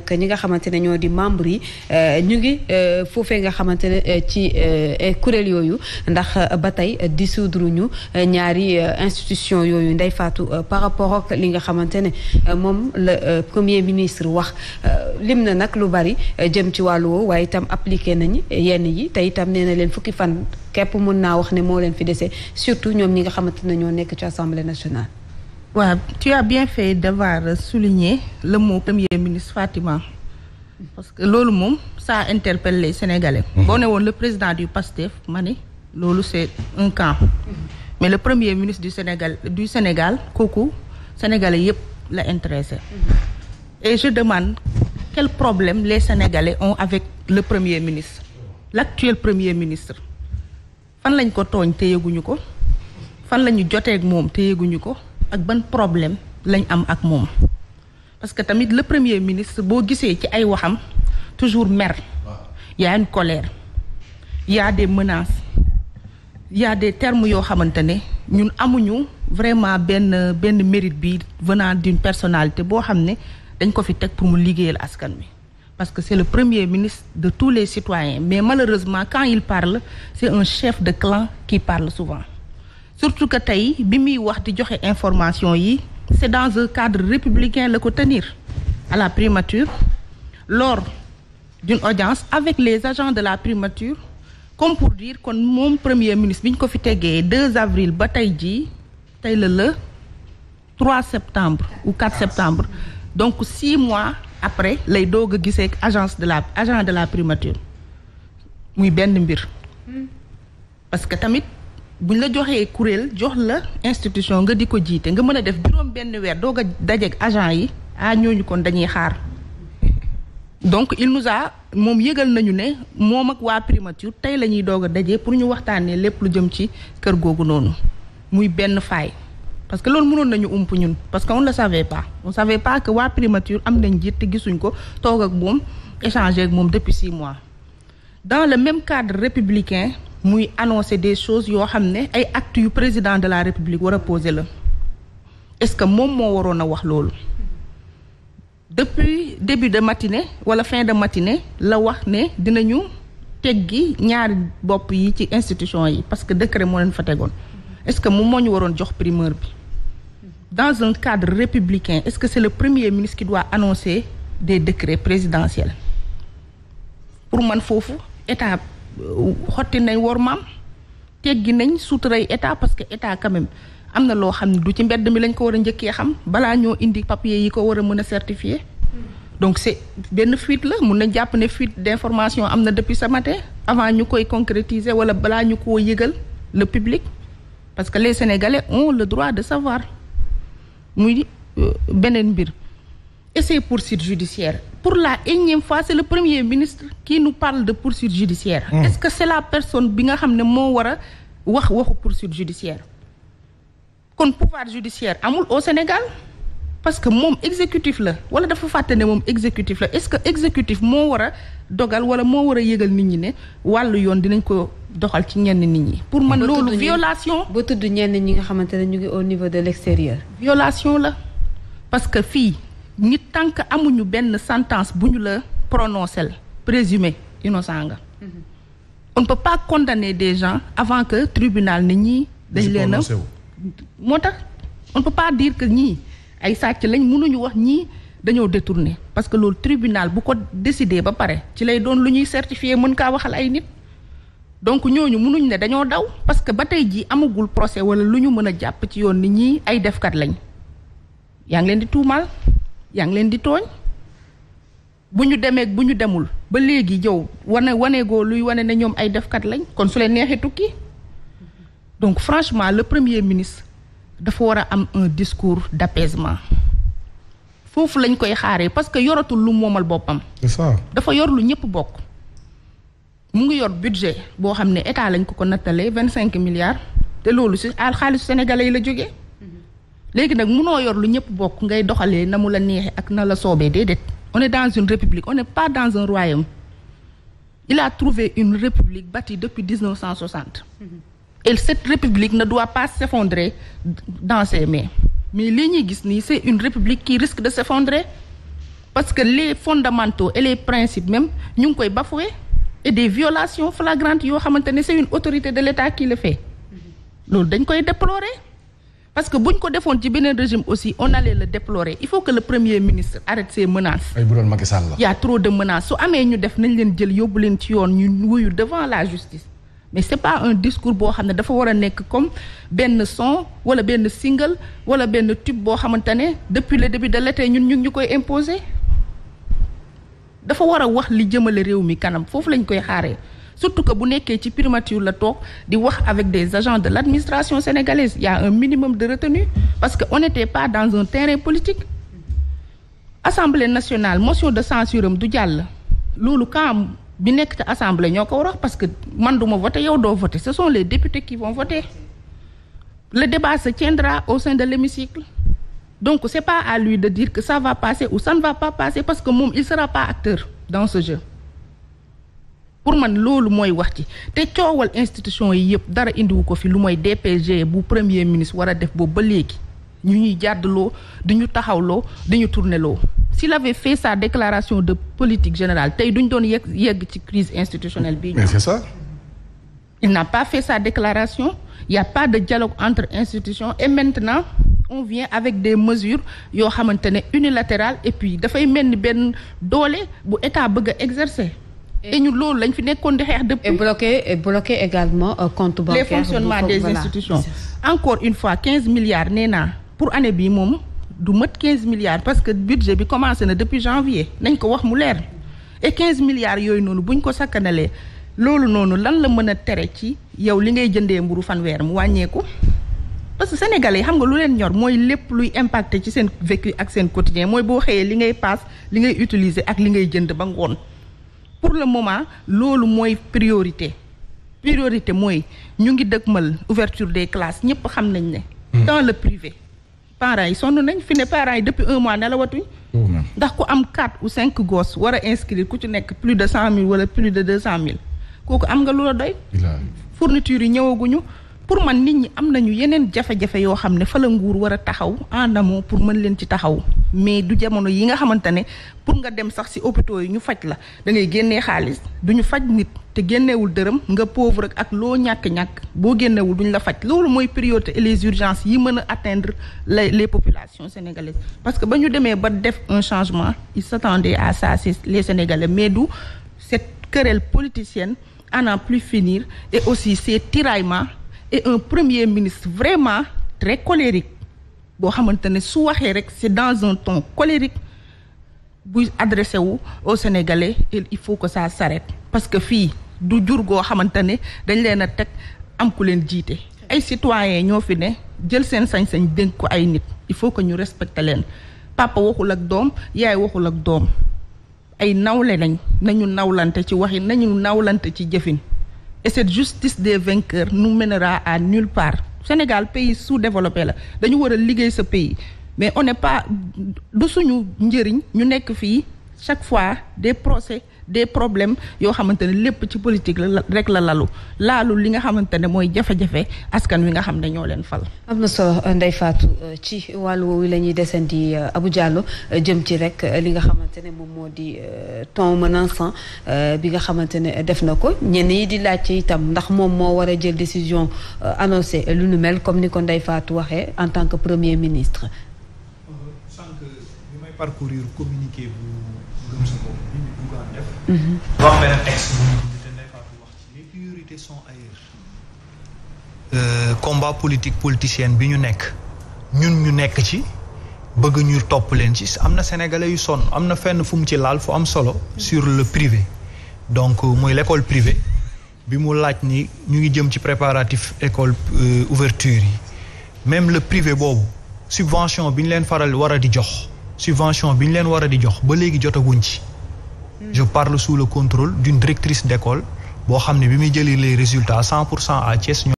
ak ñi nga xamante ne ñoo di membre yi euh, ñu ngi euh, foofee nga xamante ne euh, ci kuréel yooyu ndax ba tey dissoudre ñu ñaari institution yooyu Ndeye faatu par rapport ak li nga xamante ne moom la premier ministre wax lim na nag lu bari jëm ci wàllu waaye itam appliqué nañ yenn yi te itam nee na leen fukki fan képp mën naa wax ne moo leen fi dese surtout ñoom ñi nga xamante ne ñoo nekk ci assemblée nationale. waaw tu as bien fait d'avoir souligné le mot premier ministre Fatima parce que loolu moom ça interpelle les Sénégalais. Mhm. boo woon le président du PASTEF ma ne loolu c'est un camp. mais le premier ministre du Sénégal du Sénégal kooku sénégalais yëpp la intéressé. Mhm. et je demande quel problème les Sénégalais on avec le premier ministre l'actuel premier ministre fan lañ ko tooñ te yëguñu ko fan la ñu jotee moom te yëguñu ko. ak ban problème lañ am ak moom parce que tamit le premier ministre boo gisee ci ay waxam toujours mer y a une colère y a des menaces y a termes yoo xamante ne ñun amuñu vraiment benn benn mérite bi venant d'une personnalité boo xam ne dañ ko fi teg pour mu liggéeyal askan bi parce que c'est le premier ministre de tous les citoyens mais malheureusement quand il parle c'est un chef de clan qui parle souvent surtout que tey bi muy wax di joxe information yi c'est dans un cadre républicain la ko tenir à la primature lors d'une audience avec les agents de la primature comme pour dire kon moom premier ministre biñ ko fi tegee 2 avril ba tey jii tey la le 3 septembre ou 4 septembre donc 6 mois après lay doog a gisee agence de la agent de la primature muy benn mbir hmm. parce que tamit buñ la joxee kuréel jox la institution nga di ko jiite nga mën a def juróom benn weer doog a dajeeg agent yi ah ñooñu kon dañuy xaar donc il nous moom yëgal nañu ne moom ak waa primature tey la ñuy doog a daje pour ñu waxtaanee lépp lu jëm ci kër googu noonu muy benn fay parce que loolu mënoon nañu ump ñun parce que on le savait pas on savait pas que waa primature am nañ jiit te gisuñ ko toog ak moom échanger ak moom depuis six mois dans le même cadre républicain muy annoncer des choses yoo xam ne ay actes yu président de la république war a la est-ce que moom moo waroon a wax loolu depuis début de matine wala fin de matinée la wax ne dinañu teggi ñaari bopp yi ci institution yi parce que décret moo leen fa tegoon est-ce que moom moo ñu waroon jox primeur bi dans un cadre républicain est-ce que c'est le premier ministre qui doit annoncer des décrets présidentiels pour man foofu étape xotti nañ war maam teggi nañ suuturay état parce que état quand même am na loo xam ne du ci mbedd mi lañ ko war a njëkkee xam balaa ñoo indi papier yi ko war a mën a certifier donc c'est benn fuite la mun nañ jàpp ne fuite d'information am na depuis ce matin avant ñu koy concrétiser wala balaa ñu koo yëgal le publique parce que les Sénégalais ont le droit de savoir muy euh, beneen mbir essai poursuite judiciaire pour la énième fois c'est le premier ministre ki nous parle de poursuite judiciaire mmh. est-ce que c'est la personne bi nga xam ne moo war a wax waxu poursuite judiciaire kon pouvoir judiciaire amul au Sénégal parce que moom exécutif la wala dafa fàtte ne moom exécutif la est-ce que exécutif moo war dogal wala moo war a yëgal nit ñi ne wàllu yoon dinañ ko doxal ci ñenn nit ñi. pour man loolu violation. ba tudd ñenn ñi nga xamante ne ñu ngi au niveau de l'extérieur. violation la parce que fii nit tant que amuñu benn sentence bu ñu la prononcé la présumé innocent nga mhm. on ne pas condamner des gens avant que tribunal ne ñi dañ leen a moo tax on ne peut pas dire que ñii ay sàcc lañ mënuñu wax ñii dañoo détourné parce que loolu tribunal bu ko décidé ba pare ci lay doon lu ñuy certifié mën kaa waxal ay nit donc ñooñu mënuñ ne dañoo daw parce que ba tey jii amagul procès wala lu ñu mën a jàpp ci yoon ni ñii ay defkat lañ yaa ngi leen di tuumaal yaa ngi leen di tooñ bu ñu demee bu ñu demul ba léegi yow wane waneegoo luy wane ne ñoom ay defkat lañ kon su leen neexee tukki donc franchement la premier ministre dafa war a am un discours d'apaisement foofu lañ koy xaaree parce que yoratul lu moomal boppam. c'est ça dafa yor lu ñëpp bokk. mu ngi yor budget boo xam ne état lañ ko ko nattalee vingt cinq milliards te loolu ci xaalisu sénégalais yi la jóge léegi nag munoo yor lu ñëpp bokk ngay doxalee na mu la neexee ak na la soobee déedéet on est dans une république on n'est pas dans un royaume il a trouvé une république bâtie depuis 1960 mhm. et cette république na doit pas s'effondrer dans ses mains mais lii ñuy gis nii c'est une république qui risque de s'effondrer parce que les fondamentaux et les principes même ñu ngi koy bafoué et de violation flagrantes yoo xamante ne c'est une autorité de l'État qui le fait mhm. loolu dañ koy déplorer parce que buñ ko defoon ci beneen régime aussi on allait le déplorer il faut que le premier ministre arrête ses menaces. ay a trop de menaces su amee ñu def nañ leen jël yóbbu leen ci yoon ñu wuyu devant la justice. mais c'est pas un discours boo xam ne dafa war a nekk comme benn son wala benn single wala benn tube boo xamante ne depuis le debut de l'été ñun ñu ngi ñu koy imposer dafa war a wax li jëmale réew mi kanam foofu lañ koy xaaree. surtout que bu nekkee ci primature la toog di wax avec des agents de l'administration sénégalaise il y a un minimum de retenue parce que on n'était pas dans un terrain politique assemblée nationale motion de censure am du jàll loolu quand bi nekk ci assemblée ñoo ko war wax parce que man duma voter yow doo voter ce sont les députés qui vont voter le débat se tiendra au sein de l'hémicycle donc c'est pas à lui de dire que ça va passer ou ça va pas passer parce que moom il sera pas acteur pour man loolu mooy wax ci te coowal institution yi yëpp dara indiwu ko fi lu mooy DPG bu premier ministre war a def boobu ba léegi ñu ñuy jàddloo di ñu taxawloo di ñu tourneloo s'il avait fait sa déclaration de politique générale tey duñ doon yegg yegg ci crise institutionnelle bi mais c'est ça il n'a pas fait sa déclaration il y a pas de dialogue entre institutions et maintenant on vient avec des mesures yoo xamante ne unilatérales et puis dafay mel ni benn doole bu état bëgg a exercer et ñun loolu lañ fi nekkoon di xeex depuis. et bloqué et bloqué euh, des institutions. encore une fois quinze milliards nee naa pour année bii moom du mët quinze milliards parce que budget bi commencé na depuis janvier nañ ko wax mu leer et quinze milliards yooyu noonu buñ ko sakkanalee loolu noonu lan la mën a tere ci yow li ngay jëndee mburu fanweer mu wàññeeku. parce que sénégalais yi xam nga lu leen ñor mooy lépp luy impacté ci seen vécu ak seen quotidien mooy boo xëyee li ngay paas li ngay utiliser ak li ngay jënd ba ngoon. pour le moment loolu mooy priorité priorité mooy ñu ngi mal ouverture des classes ñëpp xam nañ ne. Hmm. dans le privé. parents yi sonn nañ fi ne parents yi depuis un mois ne oh, ndax ku am quatre ou cinq gos wara a ku ci nekk plus de cent mille wala plus de deux cent mille kooku am nga lu la doy. fourniture yi ñëwaguñu. pour man nit ñi am nañu yeneen jafe-jafe yoo xam ne fa la nguur war a taxaw en amont pour mën leen ci taxaw mais du jamono yi nga xamante ne pour nga dem sax ci hôpitaux yi ñu faj la da ngay génnee xaalis duñu faj nit te génnewul dërëm nga pauvre ak loo ñàkk-ñàkk boo génnewul duñ la faj loolu mooy priorité et les urgences yi mën a atteindre les les populations sénégalaises parce que ba ñu demee ba def un changement ils s'attendaient à ça c'est les sénégalais mais du cette querelle politicienne à n'en plus finir et aussi ces tiraillements un premier ministre vraiment très colérique boo xamante ne su waxee rek c'est dans un ton colérique buy adressé wu aux Sénégalais il faut que ça s'arrête parce que fii du jur goo xamante ne dañ leen a teg am ku leen jiite ay citoyens ñoo fi ne jël seen sañ-sañ dénk ko ay nit il faut que ñu respecter leen papa waxul ak doom yaay waxul ak doom ay nawle nañ nañu nawlante ci waxin nañu nawlante ci jëfin et cette justice des vainqueurs nu mènera à nulle part Sénégal pays sous-développé la dañu war a liggéey sa pays mais on ne pas du suñu njëriñ ñu nekk fii chaque fois des procès des problème yoo xamante ne lépp ci politique la rek la lalu laalu li nga xamante ne mooy jafe-jafe askan wi nga xam ne ñoo leen fal. am na solo Ndeye faatu ci wàllu woowu la ñuy desandi abu Diallo jëm ci rek li nga xamante ne moom moo di euh, ton menaçant euh, bi nga xamante ne def na ko ñenn yi di laajte itam ndax moom moo war a jël décision euh, annoncé lu nu mel comme ni ko Ndeye faatu waxee en tant que premier ministre. ñu mhm. te nekkaat wax euh, combat politique politicienne bi ñu nekk ñun ñu nekk ci bëgg ñu topp leen ci am na sénégalais yu sonn am na fenn fu ci laal fu am solo sur le privé donc euh, mooy l'école privée bi mu laaj ni ñu ngi jëm ci préparatif école euh, ouverture yi même le privé boobu subvention bi ñu leen faral war a di jox subvention bi ñu leen war a di jox ba léegi jotaguñ ci je parle sous le contrôle d'une directrice d'école boo xam ne bi muy jëli résultats cent pour cent à Thiès